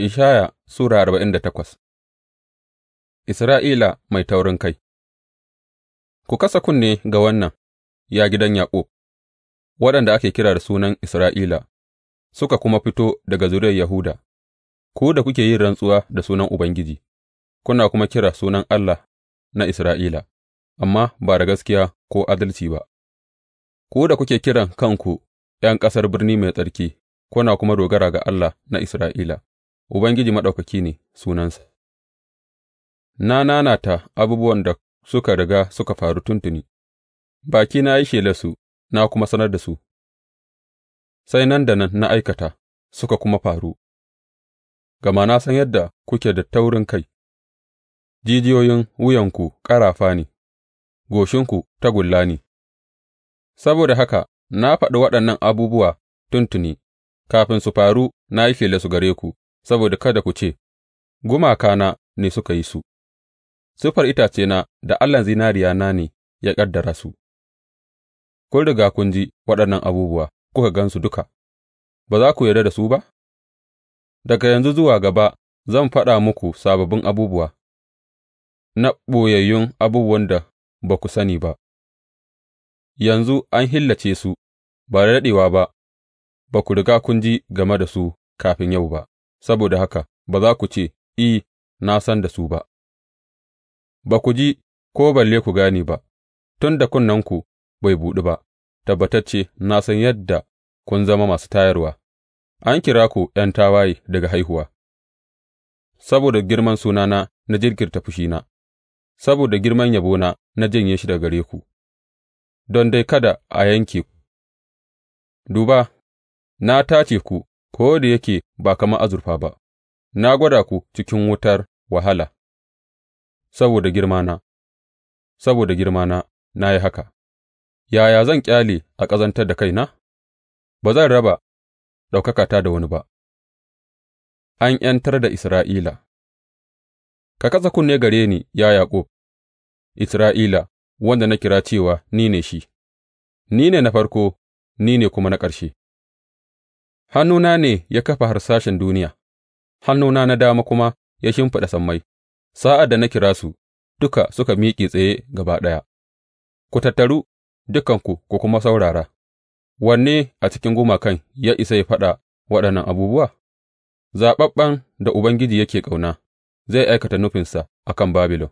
Ishaya Sura arba'in da takwas Isra'ila mai taurin kai. Ku kasa kunne ga wannan, ya gidan Yaƙub, waɗanda ake kira da sunan Isra'ila, suka kuma fito daga zuriyar Yahuda, ku da kuke yin rantsuwa da sunan Ubangiji, kuna kuma kira sunan Allah na Isra'ila, amma ba da gaskiya ko adalci ba, ku da kuke kiran kanku ’yan ƙasar birni mai tsarki, kuna kuma dogara ga Allah na Isra'ila. Ubangiji Maɗaukaki ne sunansa; na nanata abubuwan da suka riga suka faru tuntuni, Baki na yi shelarsu na kuma sanar da su, sai nan da nan na aikata, suka kuma faru, gama na san yadda kuke da taurin kai. jijiyoyin wuyanku ƙarafa ne, goshinku tagulla ne, saboda haka na faɗi waɗannan abubuwa tuntuni, kafin su faru na yi su gare ku. saboda kada ku ce, Gumakana ne suka yi su, siffar itacena da zinariya na ne ya ƙaddara su, kun riga kun ji waɗannan abubuwa kuka gan su duka, ba za ku yarda da su ba? Daga yanzu zuwa gaba zan faɗa muku sababbin abubuwa na ɓoyayyun abubuwan da ba ku sani ba, yanzu an hillace su, ba da daɗewa ba, ba ku riga kun ji game da su kafin yau ba. saboda haka ba za ku ce, I, na san da su ba, ba ku ji ko balle ku gane ba, tun da kunnenku bai buɗu ba, tabbatacce na san yadda kun zama masu tayarwa, an kira ku ’yan tawaye daga haihuwa, saboda girman sunana na jirkirta fushina, saboda girman yabona na janye shi daga gare ku, don dai kada a yanke ku. Duba, na tace ku ko da yake ba kamar azurfa ba, na gwada ku cikin wutar wahala; saboda girmana, saboda girmana na yi haka, yaya zan ƙyale a ƙazantar da kaina, ba zan raba ɗaukakata da wani ba. An ’yantar da Isra'ila Ka kasa kunne gare ni, ya Yaƙub, Isra'ila, wanda na kira cewa ni ne shi; ni ne na farko, ni ne kuma na ƙarshe. Hannuna ne ya kafa harsashen duniya, hannuna na dama kuma ya shimfiɗa sammai; sa'ad da na kira su, duka suka miƙe tsaye gaba ɗaya, Ku tattaru, dukanku ku kuma saurara, wanne a cikin gumakan ya isa ya faɗa waɗannan abubuwa? Zaɓaɓɓen da Ubangiji yake ƙauna zai aikata nufinsa a kan Babilon;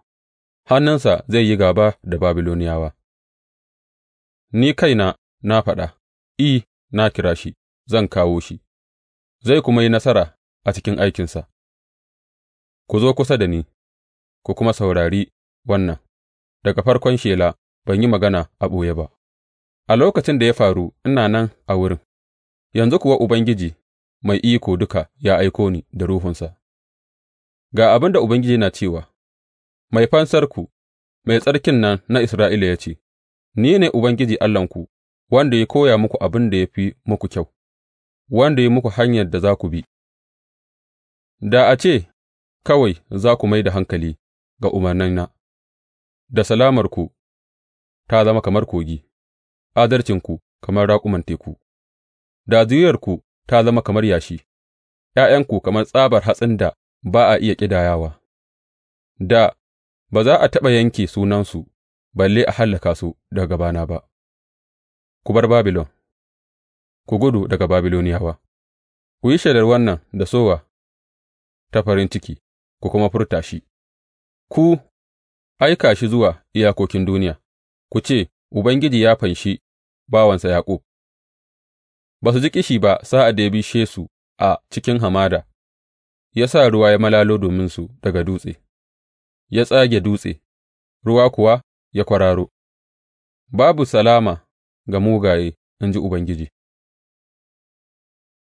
hannunsa zai yi gaba da Babiloniyawa. Ni kaina na faɗa, I, na kira shi. zan kawo shi, zai kuma yi nasara a cikin aikinsa, ku zo kusa da ni, ku kuma saurari wannan, daga farkon shela ban yi magana a ɓoye ba, a lokacin da ya faru ina nan a wurin, yanzu kuwa Ubangiji mai iko duka ya aiko ni da ruhunsa. Ga abin da Ubangiji na cewa, Mai fansarku, mai tsarkin nan na Isra'ila ya ce, Ni ne Ubangiji Allahnku, wanda ya koya muku abin da ya fi muku kyau. wanda ya muku hanyar da za ku bi, da a ce kawai za ku mai da hankali ga umarnaina, da salamarku ta zama kamar kogi, adarcinku kamar raƙuman teku, da zuriyarku ta zama kamar yashi, ’ya'yanku kamar tsabar hatsin da ba a iya ƙidayawa, da ba za a taɓa yanke sunansu balle a hallaka su daga gabana ba. Ku bar Babilon. Ku gudu daga Babiloniyawa Ku yi shelar wannan da sowa ta farin ciki ku kuma furta shi, ku aika shi zuwa iyakokin duniya, ku ce, Ubangiji ya fanshi bawansa Yaƙub; ba su ji ƙishi ba sa'ad da ya bishe su a cikin hamada, ya sa ruwa ya malalo dominsu daga dutse, ya tsage dutse, ruwa kuwa ya kwararo, babu salama ga mugaye, in ji Ubangiji.